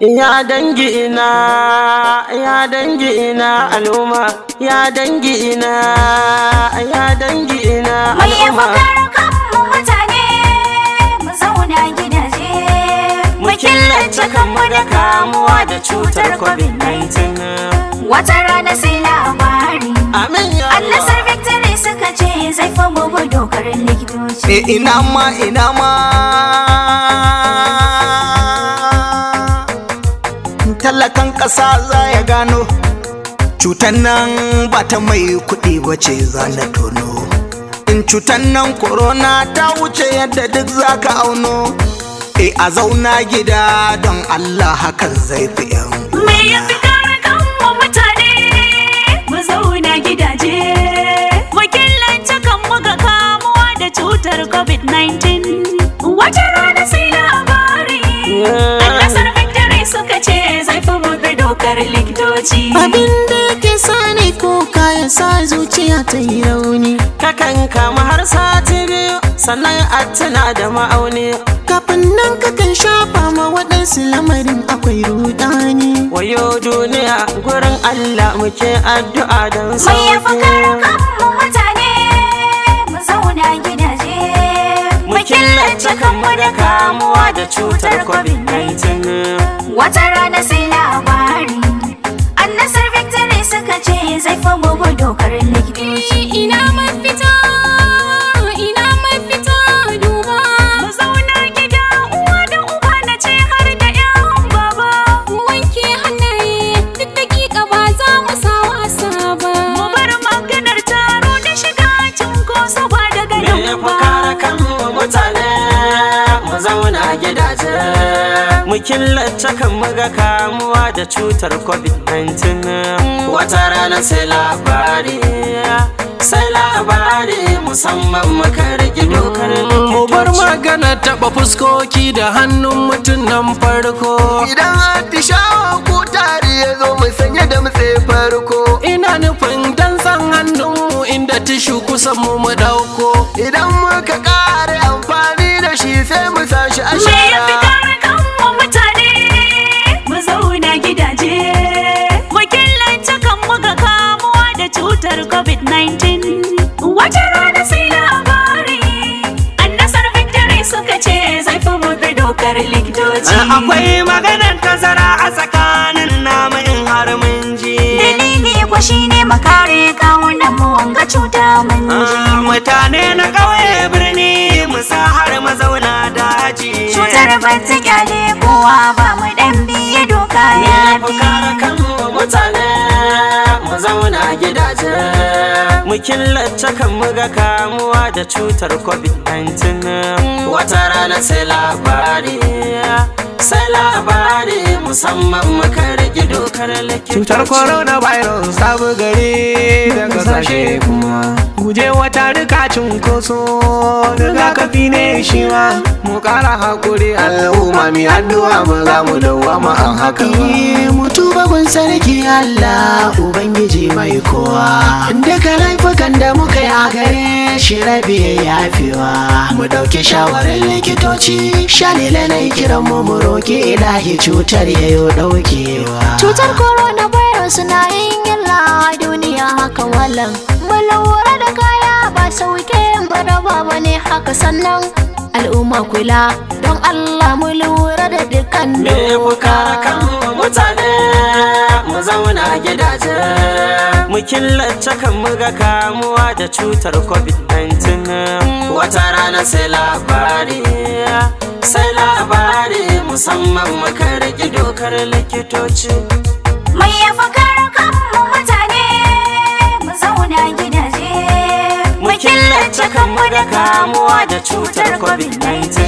ya dangi ina ya dangi ina al'umma ya dangi ina ya dangi ina al'umma mutane mu zauna gidaje killace kanmu da kamuwa da cutar covid-19 wata rana sai labari amin ya Allah sar victory suka ce zai fa mu dokar likitoci eh, ina ma ina ma talakan ƙasa za ya gano cutan nan ba ta mai kuɗi ba ce za na tono in cutan nan korona ta wuce yadda duk za ka auno e a zauna gida don allah hakan zai fi yan abin da ke sani ko kayan sa zuciya ta yi rauni kakan kama har sati biyu sannan a tuna da ma'auni kafin nan kakan shafa ma waɗansu lamarin akwai rudani wayo duniya gurin allah muke addu'a don sauki mai ya kanmu mutane mu zauna gidaje mu killace kanmu da kamuwa da cutar covid-19 wata rana sai labari suka ce zai fa gobe dokar likitoci ina mafita ina mafita duba mazaunar gida uwa da uba na ce har da yan baba wanke hannaye duk dakika ba za mu sa wasa ba mu bar maganar taro da shiga cunkoso ba daga nan ba kare kan mutane mu zauna gidaje Bikin killata kan muga kamuwa da cutar covid-19 wata rana sai labari sai labari musamman muka rigi dokar mu bar magana taba fuskoki da hannun mutum nan farko idan atishawa ko tari ya zo mu sanya da mutse farko ina nufin dan san hannunmu inda tishu kusan mu mu dauko fadar likitoci akwai maganar tazara a tsakanin namun in ji dalili ko shine mu kawunan mu wanga cuta mun ji ah, mutane na kauye birni musahar har mazauna daji cutar ban ta kyale kowa ba mu dan biye doka ya bi kare kanmu mutane mu zauna gidajen bikin lacca muga kamuwa da cutar covid-19 wata rana sai labari sai labari musamman makar rage dokar likitoci cutar coronavirus ta gari da kasashe kuma guje wa tarika cunkoso rigakafi ne shi ma mu kara hakuri al'umma mi addu'a ba za mu dawama a haka ba mutu bagun sarki Allah ubangiji mai kowa daga laifukan da muka yi a gare shi rabi ya wa. mu dauki shawarar likitoci shalila na kiran mu mu roki ilahi cutar ya sayo daukewa cutar corona virus na yin illa a duniya haka wallan balawar da kaya ba sauke maraba ba ne haka sannan al'umma kula don allah mu lura da dukkan doka kan mutane mu zauna gidaje mu killace kan muga kamuwa da cutar covid-19 wata rana sai labari sai labari musamman muka rage dokar likitoci. Mai yafi karo kanmu mutane mu zauna gidaje. Mu killace kanmu da kamuwa da cutar COVID-19.